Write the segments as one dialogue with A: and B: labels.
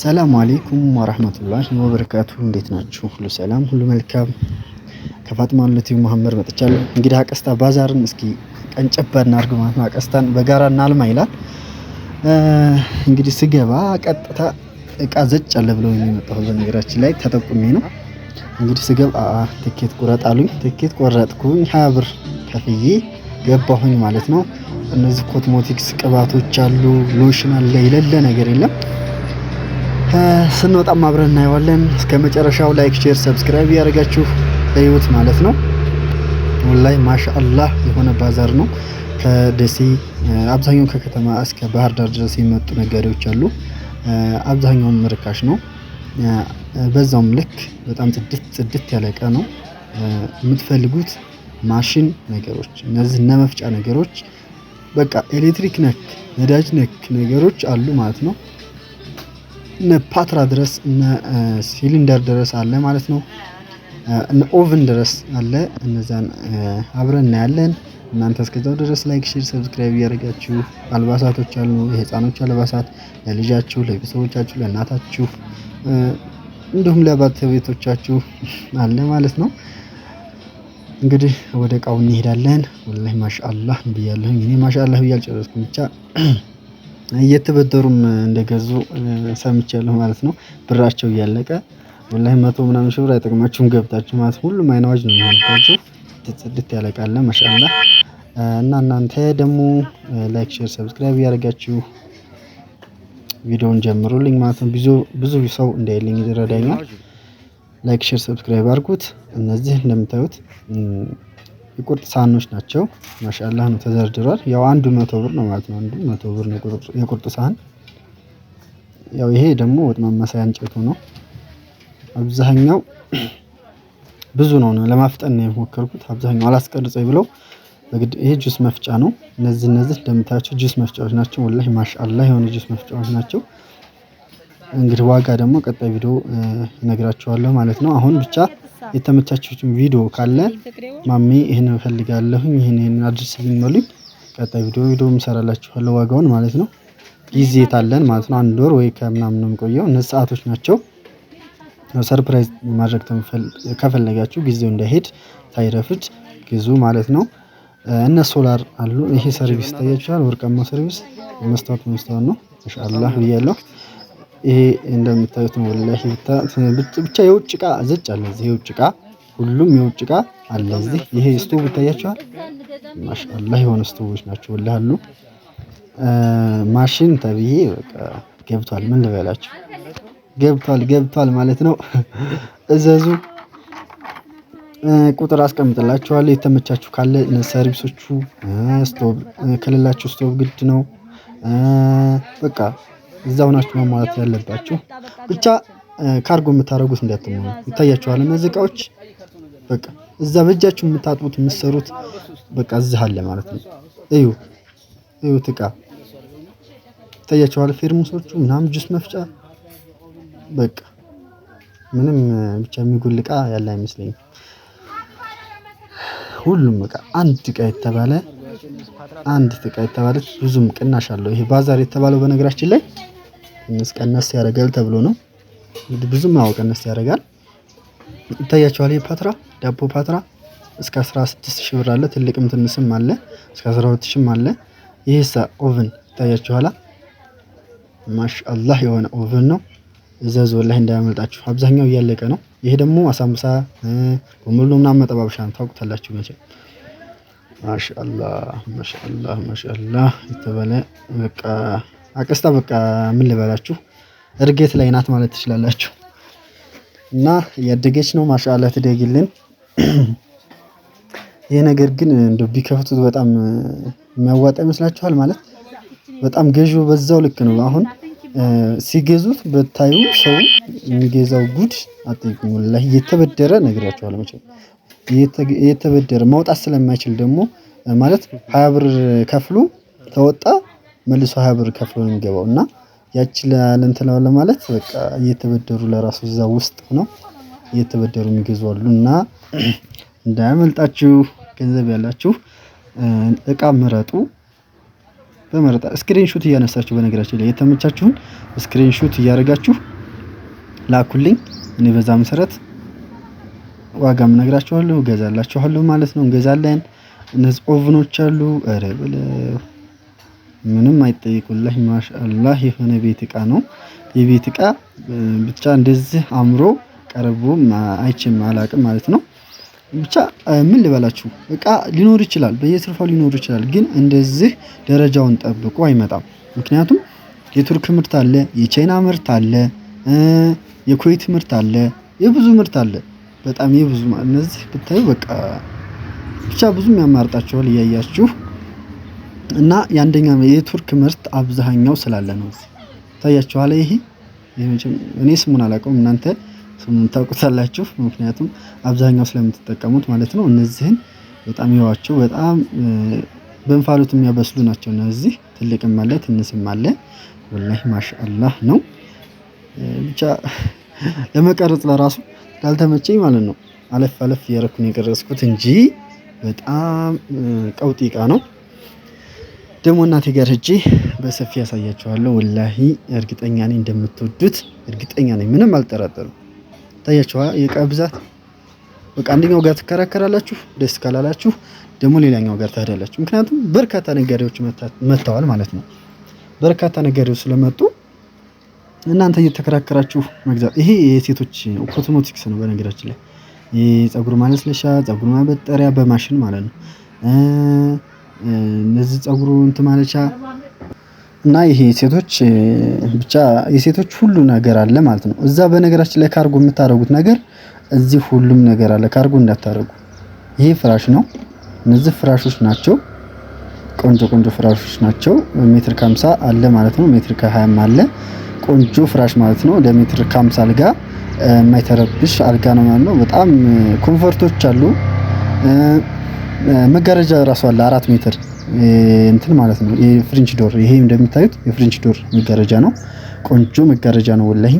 A: ሰላም አሌይኩም ወረህመቱላሂ ወበረካቱ። እንዴት ናችሁ? ሁሉ ሰላም፣ ሁሉ መልካም። ከፋጥማ ለት መሀመድ መጥቻለሁ። እንግዲህ አቀስታ ባዛርን እስኪ ቀንጨባ እናድርግ ማለት ነው። አቀስታን በጋራ እናልማ ይላል። እንግዲህ ስገባ ቀጥታ እቃ ዘጭ አለ ብለው የሚመጣው በነገራችን ላይ ተጠቁሜ ነው። እንግዲህ ስገባ ትኬት ቁረጥ አሉኝ። ትኬት ቆረጥኩኝ። ሀያ ብር ከፍዬ ገባሁኝ ማለት ነው። እነዚህ ኮትሞቲክስ ቅባቶች አሉ፣ ሎሽን አለ፣ የሌለ ነገር የለም። ስንወጣም አብረን እናየዋለን። እስከ መጨረሻው ላይክ፣ ሼር፣ ሰብስክራይብ ያደረጋችሁ እዩት ማለት ነው። ወላይ ማሻአላህ የሆነ ባዛር ነው። ከደሴ አብዛኛው ከከተማ እስከ ባህር ዳር ድረስ የመጡ ነጋዴዎች አሉ። አብዛኛው ምርካሽ ነው። በዛውም ልክ በጣም ጽድት ጽድት ያለ እቃ ነው። የምትፈልጉት ማሽን ነገሮች፣ እነዚህ እነ መፍጫ ነገሮች፣ በቃ ኤሌክትሪክ ነክ ነዳጅ ነክ ነገሮች አሉ ማለት ነው። እነ ፓትራ ድረስ እነ ሲሊንደር ድረስ አለ ማለት ነው። እነ ኦቭን ድረስ አለ። እነዛን አብረን እናያለን። እናንተ እስከዛው ድረስ ላይክ፣ ሼር፣ ሰብስክራይብ እያደረጋችሁ አልባሳቶች አሉ፣ የህፃኖች አልባሳት ለልጃችሁ፣ ለቤተሰቦቻችሁ፣ ለእናታችሁ እንዲሁም ለባለቤቶቻችሁ አለ ማለት ነው። እንግዲህ ወደ እቃው እንሄዳለን። ወላሂ ማሻአላህ ብያለሁኝ እኔ ማሻአላህ ብዬ አልጨረስኩም ብቻ እየተበደሩም እንደገዙ ሰምቻለሁ ማለት ነው። ብራቸው እያለቀ ወላሂ መቶ ምናምን ሺህ ብር አይጠቅማችሁም ገብታችሁ ማለት ሁሉም አይን አዋጅ ነው የሚሆንባችሁ። ትጽድት ያለቃለ እቃ እና እናንተ ደግሞ ላይክ፣ ሼር፣ ሰብስክራይብ እያደረጋችሁ ቪዲዮውን ጀምሩልኝ ማለት ነው። ብዙ ብዙ ሰው እንዳይልኝ ይረዳኛል። ላይክ፣ ሼር፣ ሰብስክራይብ አድርጉት። እነዚህ እንደምታዩት የቁርጥ ሳህኖች ናቸው ማሻአላህ ነው ተዘርድሯል። ያው አንዱ መቶ ብር ነው ማለት ነው። አንዱ መቶ ብር ነው የቁርጥ ሳህን። ያው ይሄ ደግሞ ወጥ ማማሰያ እንጨቱ ነው። አብዛኛው ብዙ ነው ነው ለማፍጠን ነው የሞከርኩት። አብዛኛው አላስቀርጸኝ ብለው በግድ ይሄ ጁስ መፍጫ ነው። እነዚህ እነዚህ እንደምታያቸው ጁስ መፍጫዎች ናቸው። ወላሂ ማሻአላህ የሆነ ጁስ መፍጫዎች ናቸው። እንግዲህ ዋጋ ደግሞ ቀጣይ ቪዲዮ እነግራችኋለሁ ማለት ነው። አሁን ብቻ የተመቻችሁትን ቪዲዮ ካለ ማሚ ይህን እፈልጋለሁ ይህን ይህን አድርስልኝ በሉኝ። ቀጣይ ቪዲዮ ቪዲዮ እሰራላችኋለሁ ዋጋውን ማለት ነው። ጊዜ ታለን ማለት ነው። አንድ ወር ወይ ከምናምን ነው የሚቆየው። እነዚህ ሰዓቶች ናቸው። ሰርፕራይዝ ማድረግ ከፈለጋችሁ ጊዜው እንዳይሄድ ሳይረፍድ ግዙ ማለት ነው። እነ ሶላር አሉ። ይሄ ሰርቪስ ታያችኋል። ወርቃማ ሰርቪስ መስታወት መስታወት ነው። ኢንሻአላህ ብያለሁ። ይሄ እንደምታዩት ነው። ወላሂ ብቻ የውጭ እቃ ዘጭ አለ እዚህ የውጭ እቃ ሁሉም የውጭ እቃ አለ እዚህ። ይሄ ስቶቭ ይታያችኋል። ማሻአላህ የሆነ ስቶቮች ናቸው ወላሂ አሉ። ማሽን ተብዬ በቃ ገብቷል። ምን ልበላችሁ ገብቷል ገብቷል ማለት ነው። እዘዙ። ቁጥር አስቀምጥላችኋለሁ። የተመቻችሁ ካለ ሰርቪሶቹ ስቶቭ ከሌላችሁ ስቶቭ ግድ ነው በቃ እዛው ናችሁ ማሟላት ያለባችሁ። ብቻ ካርጎ የምታደርጉት እንዳትሆኑ ይታያችኋል። እነዚህ እቃዎች በቃ እዛ በእጃችሁ የምታጥቡት የምትሰሩት በቃ እዚህ አለ ማለት ነው። እዩ እዩት፣ እቃ ይታያችኋል። ፌርሙሶቹ ምናምን ጁስ መፍጫ በቃ ምንም ብቻ የሚጎል እቃ ያለ አይመስለኝም። ሁሉም እቃ አንድ እቃ የተባለ አንድ እቃ የተባለች ብዙም ቅናሽ አለው። ይሄ ባዛር የተባለው በነገራችን ላይ ቀነስ ያደርጋል ተብሎ ነው። እንግዲህ ብዙም አዎ ቀነስ ያደርጋል። ይታያቸዋል። ይህ ፓትራ ዳቦ ፓትራ እስከ 16 ሺህ ብር አለ። ትልቅም ትንስም አለ። እስከ 12 ሺህም አለ። ይህሳ ኦቭን ይታያችኋላ። ማሻአላህ የሆነ ኦቭን ነው። እዛ ዞን ላይ እንዳያመልጣችሁ። አብዛኛው እያለቀ ነው። ይሄ ደግሞ አሳምሳ በሙሉ ምናምን መጠባበሻ ነው። ታውቁታላችሁ መቼም። ማሻአላህ ማሻአላህ ማሻአላህ የተባለ በቃ አቀስታ በቃ ምን ልበላችሁ እርጌት ላይ ናት ማለት ትችላላችሁ። እና እያደገች ነው። ማሻአላ ትደግልን። ይሄ ነገር ግን እንደው ቢከፍቱት በጣም የሚያዋጣ ይመስላችኋል? ማለት በጣም ገዢው በዛው ልክ ነው። አሁን ሲገዙት በታዩ ሰው የሚገዛው ጉድ አጠይቁኝ። ወላሂ እየተበደረ ነግራችኋል። መቼም እየተበደረ ማውጣት ስለማይችል ደግሞ ማለት ሀያ ብር ከፍሎ ተወጣ መልሶ ሀያ ብር ከፍሎ ነው የሚገባው እና ያቺ ለእንትን ለማለት በቃ እየተበደሩ ለራሱ እዛ ውስጥ ነው እየተበደሩ የሚገዙ አሉ እና እንዳያመልጣችሁ ገንዘብ ያላችሁ እቃ ምረጡ። በመረጣ ስክሪንሹት እያነሳችሁ በነገራችሁ ላይ የተመቻችሁን ስክሪንሹት እያደረጋችሁ ላኩልኝ። እኔ በዛ መሰረት ዋጋም እነግራችኋለሁ፣ ገዛላችኋለሁ ማለት ነው። እንገዛለን። እነዚህ ኦቭኖች አሉ ረ ምንም አይጠይቁልህ። ማሻአላህ የሆነ ቤት እቃ ነው። የቤት እቃ ብቻ እንደዚህ አምሮ ቀርቦ አይቼም አላቅም ማለት ነው። ብቻ ምን ልበላችሁ እቃ ሊኖር ይችላል፣ በየስርፋው ሊኖር ይችላል። ግን እንደዚህ ደረጃውን ጠብቆ አይመጣም። ምክንያቱም የቱርክ ምርት አለ፣ የቻይና ምርት አለ፣ የኩዌት ምርት አለ፣ የብዙ ምርት አለ። በጣም የብዙ እነዚህ ብታዩ በቃ ብቻ ብዙ ያማርጣችኋል እያያችሁ እና የአንደኛ የቱርክ ምርት አብዛኛው ስላለ ነው። ታያችኋለ። ይሄ እኔ ስሙን አላውቀውም፣ እናንተ ስሙን ታውቁታላችሁ። ምክንያቱም አብዛኛው ስለምትጠቀሙት ማለት ነው። እነዚህን በጣም ይዋቸው። በጣም በእንፋሎት የሚያበስሉ ናቸው እነዚህ። ትልቅም አለ ትንስም አለ። ወላሂ ማሻአላህ ነው። ብቻ ለመቀረጽ ለራሱ ካልተመቸኝ ማለት ነው አለፍ አለፍ እያደረኩ የቀረጽኩት እንጂ በጣም ቀውጢ እቃ ነው። ደግሞ እናቴ ጋር ሄጄ በሰፊ ያሳያችኋለሁ። ወላሂ እርግጠኛ ነኝ እንደምትወዱት እርግጠኛ ነኝ፣ ምንም አልጠራጠርም። ታያችኋ የእቃ ብዛት በቃ አንደኛው ጋር ትከራከራላችሁ፣ ደስ ካላላችሁ ደግሞ ሌላኛው ጋር ትሄዳላችሁ። ምክንያቱም በርካታ ነጋዴዎች መጥተዋል ማለት ነው። በርካታ ነጋዴዎች ስለመጡ እናንተ እየተከራከራችሁ መግዛት። ይሄ የሴቶች ኮስሞቲክስ ነው በነገራችን ላይ የፀጉር ማለስለሻ፣ ፀጉር ማበጠሪያ በማሽን ማለት ነው። እነዚህ ጸጉሩ እንትን ማለቻ እና ይሄ ሴቶች ብቻ የሴቶች ሁሉ ነገር አለ ማለት ነው። እዛ በነገራችን ላይ ካርጎ የምታደርጉት ነገር እዚህ ሁሉም ነገር አለ። ካርጎ እንዳታደርጉ። ይሄ ፍራሽ ነው። እነዚህ ፍራሾች ናቸው። ቆንጆ ቆንጆ ፍራሾች ናቸው። ሜትር ከሀምሳ አለ ማለት ነው። ሜትር ከሀያም አለ። ቆንጆ ፍራሽ ማለት ነው። ለሜትር ከሀምሳ አልጋ የማይተረብሽ አልጋ ነው ማለት ነው። በጣም ኮንፈርቶች አሉ። መጋረጃ ራሱ አለ አራት ሜትር እንትን ማለት ነው። የፍሪንች ዶር ይሄ እንደሚታዩት የፍሪንች ዶር መጋረጃ ነው። ቆንጆ መጋረጃ ነው ወላሂ።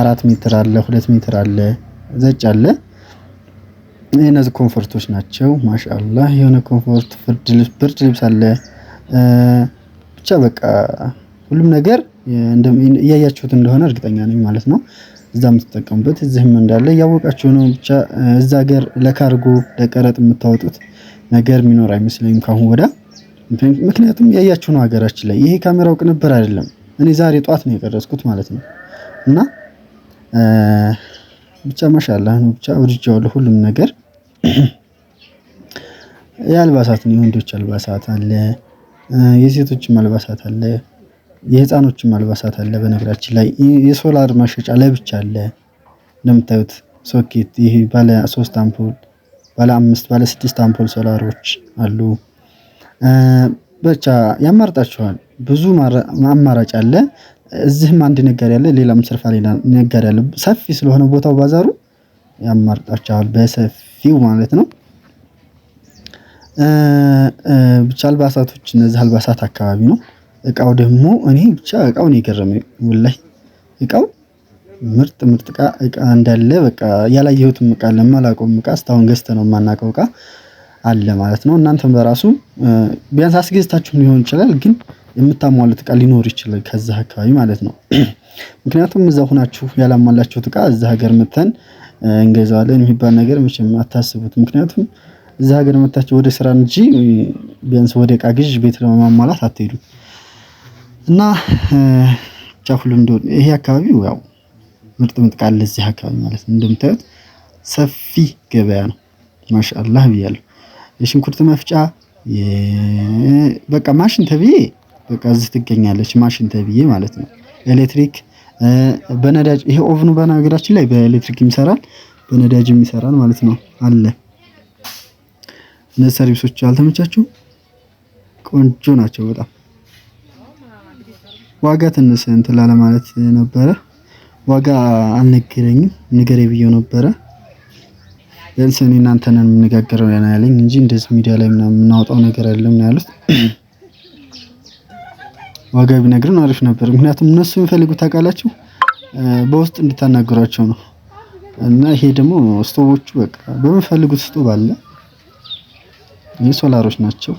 A: አራት ሜትር አለ፣ ሁለት ሜትር አለ፣ ዘጭ አለ። እነዚህ ኮንፎርቶች ናቸው። ማሻአላህ የሆነ ኮንፎርት ብርድ ልብስ አለ። ብቻ በቃ ሁሉም ነገር እያያችሁት እንደሆነ እርግጠኛ ነኝ ማለት ነው። እዛ የምትጠቀሙበት እዚህም እንዳለ እያወቃችሁ ነው። ብቻ እዛ ሀገር ለካርጎ ለቀረጥ የምታወጡት ነገር የሚኖር አይመስለኝም ካሁን ወዳ። ምክንያቱም ያያችሁ ነው ሀገራችን ላይ ይሄ ካሜራው ቅንብር አይደለም። እኔ ዛሬ ጠዋት ነው የቀረጽኩት ማለት ነው። እና ብቻ ማሻላ ነው ብቻ ወድጃዋለሁ ሁሉም ነገር። የአልባሳት ነው የወንዶች አልባሳት አለ፣ የሴቶችም አልባሳት አለ። የህፃኖችን አልባሳት አለ። በነገራችን ላይ የሶላር ማሸጫ ለብቻ አለ። እንደምታዩት ሶኬት፣ ይህ ባለ ሶስት አምፖል፣ ባለ አምስት፣ ባለ ስድስት አምፖል ሶላሮች አሉ። ብቻ ያማርጣችኋል። ብዙ አማራጭ አለ። እዚህም አንድ ነገር ያለ፣ ሌላም ስርፋ ሌላ ነገር ያለ፣ ሰፊ ስለሆነ ቦታው ባዛሩ ያማርጣችኋል በሰፊው ማለት ነው። ብቻ አልባሳቶች እነዚህ አልባሳት አካባቢ ነው። እቃው ደግሞ እኔ ብቻ እቃው ነው የገረመኝ ወላሂ እቃው ምርጥ ምርጥ እቃ እቃ እንዳለ በቃ ያላየሁትም እቃ አለ የማላውቀውም እቃ እስካሁን ገዝተን ነው የማናውቀው እቃ አለ ማለት ነው። እናንተም በራሱ ቢያንስ አስገዝታችሁ ሊሆን ይችላል፣ ግን የምታሟሉት እቃ ሊኖር ይችላል ከዛ አካባቢ ማለት ነው። ምክንያቱም እዛ ሁናችሁ ያላሟላችሁት እቃ እዛ ሀገር መተን እንገዛዋለን የሚባል ነገር መቼም አታስቡት። ምክንያቱም እዛ ሀገር መታችሁ ወደ ስራ እንጂ ቢያንስ ወደ እቃ ግዥ ቤት ለማሟላት አትሄዱ። እና ጫፉ እንደሆነ ይሄ አካባቢ ያው ምርጥ ምጥቃ አለ እዚህ አካባቢ ማለት ነው። እንደምታዩት ሰፊ ገበያ ነው። ማሻአላህ ብያለሁ። የሽንኩርት መፍጫ በቃ ማሽን ተብዬ በቃ እዚህ ትገኛለች። ማሽን ተብዬ ማለት ነው። ኤሌክትሪክ በነዳጅ ይሄ ኦቭኑ በነገራችን ላይ በኤሌክትሪክ ይሰራል፣ በነዳጅም ይሰራል ማለት ነው። አለ እነዚህ ሰርቪሶች አልተመቻችሁ? ቆንጆ ናቸው በጣም ዋጋ ትንሽ እንትን ላለማለት ነበረ። ዋጋ አልነገረኝም። ንገሬ ብዬው ነበረ። ቢያንስ እኔ እናንተ ነን የምነጋገረው ያለኝ እንጂ እንደዚህ ሚዲያ ላይ ምናምን የምናወጣው ነገር አይደለም ነው ያሉት። ዋጋ ቢነግርን አሪፍ ነበር። ምክንያቱም እነሱ የሚፈልጉት ታውቃላችሁ፣ በውስጥ እንድታናገሯቸው ነው። እና ይሄ ደግሞ ስቶቦቹ በቃ በሚፈልጉት ስቶብ አለ። ይህ ሶላሮች ናቸው።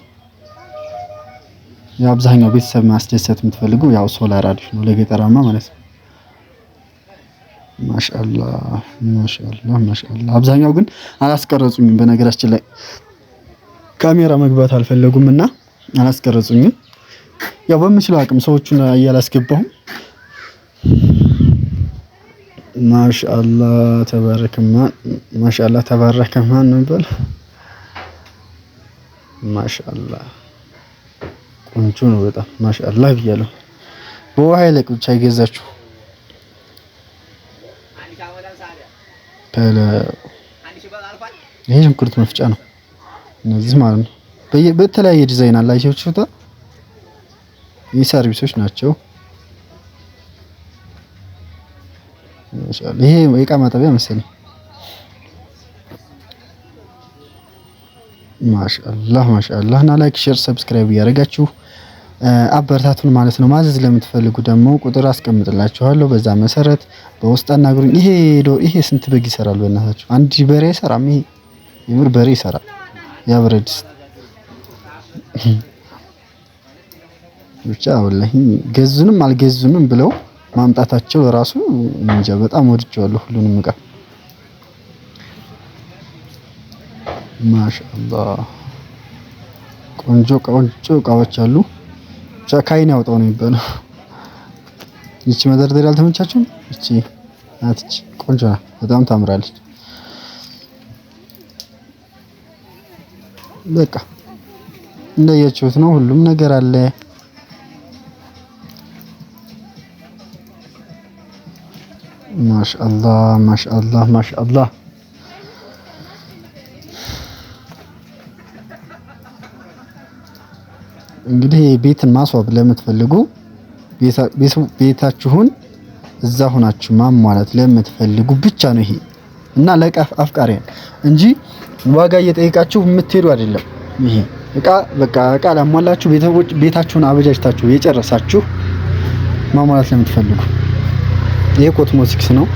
A: አብዛኛው ቤተሰብ ማስደሰት የምትፈልጉ ያው ሶላር አሪፍ ነው ለገጠራማ ማለት ነው። ማሻአላ ማሻአላ ማሻአላ። አብዛኛው ግን አላስቀረጹኝም። በነገራችን ላይ ካሜራ መግባት አልፈለጉም እና አላስቀረጹኝም። ያው በምችለው አቅም ሰዎቹን እያላስገባሁም። ማሻአላ ተባረከማ ማሻአላ ተባረከማ እንበል የሚባል ቆንጆ ነው በጣም ማሻአላህ ብያለሁ። በውሃ ይለቅ ብቻ ይገዛችሁ ይሄ ሽንኩርት መፍጫ ነው። እነዚህ ማለት ነው በተለያየ ዲዛይን አለ። ቹታ ይህ ሰርቪሶች ናቸው። ይሄ የእቃ ማጠቢያ መሰለኝ። ማሻአላህ ማሻአላህ እና ላይክ ሼር ሰብስክራይብ እያደረጋችሁ አበረታቱን ማለት ነው። ማዘዝ ለምትፈልጉ ደግሞ ቁጥር አስቀምጥላችኋለሁ። በዛ መሰረት በውስጥ አናግሩኝ። ይሄ ይሄ ስንት በግ ይሰራል? በእናታችሁ አንድ በሬ አይሰራም። ይሄ የምር በሬ ይሰራል። ያብረድስ ብቻ ወላሂ ገዙንም አልገዙንም ብለው ማምጣታቸው ራሱ እንጃ በጣም ወድጀዋለሁ። ሁሉንም እቃ ማሻአላህ ቆንጆ ቆንጆ እቃዎች አሉ። ካይን ያውጣው ነው የሚባለው። ይቺ መደርደሪያ አልተመቻችሁም? እቺ አትች ቆንጆ ናት፣ በጣም ታምራለች። በቃ እንዳያችሁት ነው፣ ሁሉም ነገር አለ። ማሻአላህ ማሻአላህ ማሻአላህ እንግዲህ ቤትን ማስዋብ ለምትፈልጉ ቤታችሁን እዛ ሆናችሁ ማሟላት ለምትፈልጉ ብቻ ነው ይሄ እና ለእቃ አፍቃሪያን እንጂ ዋጋ እየጠየቃችሁ የምትሄዱ አይደለም። ይሄ እቃ በቃ እቃ ላሟላችሁ ቤታችሁን አበጃጅታችሁ የጨረሳችሁ ማሟላት ለምትፈልጉ ይሄ ኮስሞቲክስ ነው።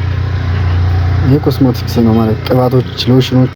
A: ይሄ ኮስሞቲክስ ነው ማለት ቅባቶች፣ ሎሽኖች